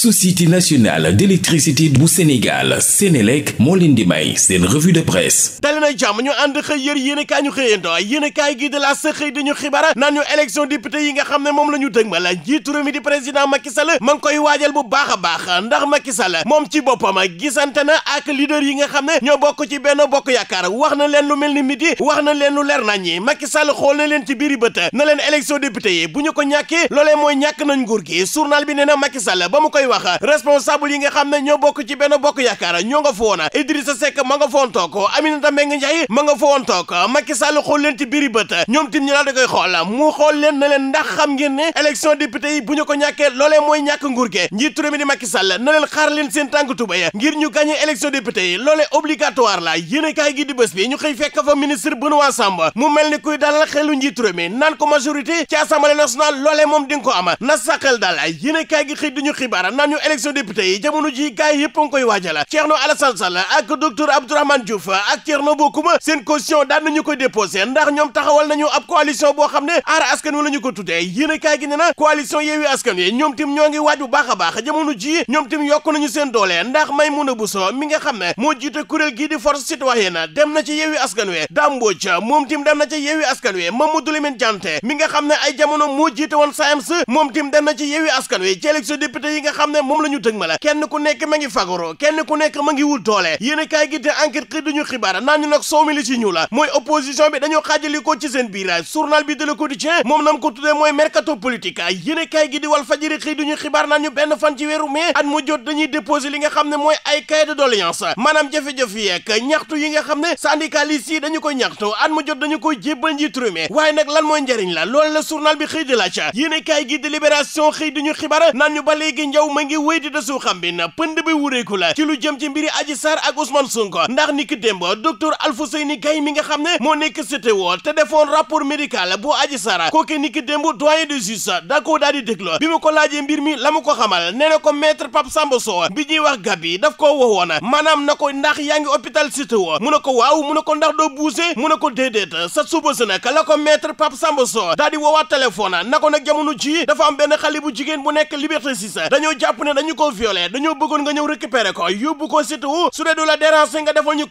société nationale d'électricité bu Sénégal Sénélec moo leen di may seen revue de presse dali jàmm ñu ànd xëy yër yéen kaay ñu xëyandoo yéen i gi de la sa xëy dañu xibaar naan ñu élection député yi nga xam ne moom la ñu dëgmal njiitu réew mi di président Macky Sall ma ngi koy waajal bu baax a baax ndax Macky Sall moom ci boppam gisante na ak leader yi nga xam ne ñoo bokk ci benn bokk yaakaar wax na leen lu mel ni midi wax na leen lu leer nañ ñi Macky Sall na leen ci biiri bët na leen élection député wax responsable yi nga xam ne ñoo bokk ci benn bokk yaakaar ñoo nga fa woon Idrissa Seck ma nga fa woon toog Aminata Mbengue Ndiaye ma nga fa woon toog Macky Sall xool leen ci bët ñoom tim ñu koy xool mu xool leen ndax xam ngeen ne élection yi bu ñu ko ñàkkee loolee mooy ñàkk nguur gi njiitu réew mi di Macky Sall na leen xaar leen seen ñu gagné élection député yi loolee obligatoire la yéene kaay gi di bés bi ñu xëy fekk fa ministre Benoît Sambou mu mel ni kuy dalal xelu njiitu réew mi naan ko majorité ci assemblée nationale loolee moom di na sàqal daal yéene kaay gi xëy naan ñu élection député yi jamono ji gaay yëpp a ngi koy waajal Thierno Alassane ak docteur Abdourahmane Diouf ak Thierno Bocoum seen caution daan nañu koy déposé ndax ñoom taxawal nañu ab coalition boo xam ne aar askan wi la ñu ko tuddee yéen a kaay ne na coalition Yewwi Askan Wi ñoom tim ñoo ngi waaj baax a baax jamono ji ñoom tim yokk nañu seen doole ndax Maymouna Bousso mi nga xam ne moo jiite kuréel gii di force citoyenne dem na dem na xam ne moom la ñu dëgmal kenn ku nekk ma ngi fagoro kenn ku nekk ma ngi wul doole yéen kaay gi te enquête xëy duñu xibaar naan ñu nag soow mi li ci ñu la mooy opposition bi dañoo xaajali ko ci seen biir journal bi de Le Quotidien moom nam ko tuddee mooy mercato politique yéen kaay gi di Walf Fadjri xëy duñu xibaar naan ñu benn fan ci weeru mai at mu jot dañuy déposer li nga xam ne mooy ay cahier de doléance maanaam jafe-jafe yeeg ñaxtu yi nga xam ne syndicalistes yi dañu koy ñaxtu at mu jot dañu koy jébbal njiit réew mi waaye nag lan mooy njëriñ la loolu la journal bi xëy di laaj yéen kaay gi di Libération xëy duñu xibaar naan ñu ba léegi njaw ma ngi wéy di desu xam bi na pënd bi wureeku la ci lu jëm ci mbiri Adji Sarr ak Ousmane Sonko ndax ni ki démb docteur Alfouseyni Gaye mi nga xam ne moo nekk CTO te defoon rapport médical bu Adji Sarr kooke ni ki démb doyen de justice da koo daal di déglu bi ma ko laajee mbir mi la ma ko xamal nee na ko maître Pape Samba Sow bi ñuy wax gab yi daf koo wowoon maanaam ko ndax yaa ngi hôpital CTO mu ko waaw mu ko ndax doo buuse mu ne ko déedéet sa suba sa nag la ko maître Pape Samba Sow daal di woowaat téléphone na ko jamono ji am benn xale bu jigéen nekk liberté jàpp ne dañu ko violé dañoo bëggoon nga ñëw récupérer ko yóbbu ko surtout su dee du la déranger nga defal ñu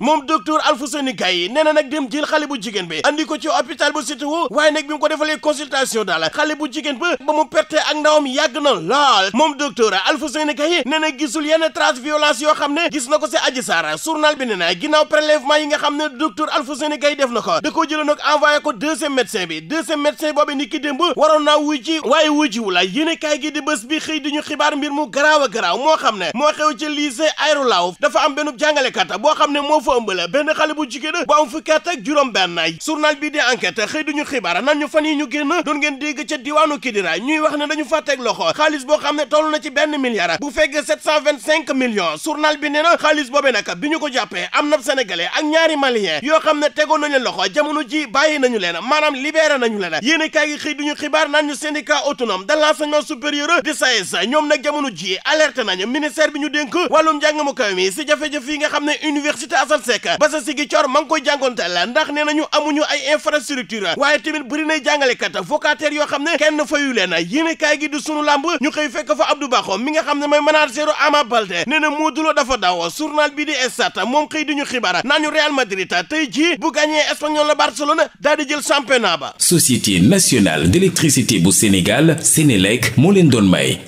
moom docteur Alfousseni Gaye nee nag dem jël xale bu jigéen bi andi ko ci hôpital bu surtout waaye nag bi mu ko defalee consultation daal xale bu jigéen ba ba mu perte ak ndawam yàgg na lool moom docteur Alfousseni Gaye nee gisul yenn trace violence yoo xam ne gis na ko si Adji Sarr journal bi nee na ginnaaw prélèvement yi nga xam ne docteur Alfousseni Gaye bi deuxième di ñu xibaar mbir mu garaaw garaaw moo xam ne moo xew ci lycée Aérou Lao dafa am benn jàngalekat boo xam ne moo fa ëmb la benn xale bu jigéen bu am fukki at ak juróom benn journal bi di enquête xëy ñu xibaar nan ñu fan yi ñu génn doon ngeen dégg ca diwaanu Kidira ñuy wax ne dañu fa teg loxo xaalis boo xam ne toll na ci benn milliard bu fekk 725 millions journal bi nee na xaalis boobee nag bi ñu ko jàppee am na sénégalais ak ñaari malien yoo xam ne tegoon nañu leen loxo jamono ji bàyyi nañu leen maanaam libéré nañu leen yéen i kaay gi xëy duñu xibaar nan ñu syndicat autonome de l'enseignement ñoom nag jamono ji alerte nañu ministère bi ñu denk wàllum njàng mu kaw mi si jafe-jafe yi nga xam ne université Assane Seck ba sa sigi coor ma ngi koy jàngoonte la ndax nee nañu amuñu ay infrastructure waaye tamit bëri nay jàngalekat vacataires yoo xam ne kenn fayu leen yéene kaay gi du sunu làmb ñu xëy fekk fa Abdou Bakhoum mi nga xam ne mooy manageru Ama Baldé nee na Modou Lô dafa daw journal bi di Stades moom xëy di ñu xibaar naa ñu Real Madrid tey jii bu gagné Espagnol la Barcelone daal di jël championnat ba. Société nationale d'électricité bu Sénégal Sénélec leen doon may.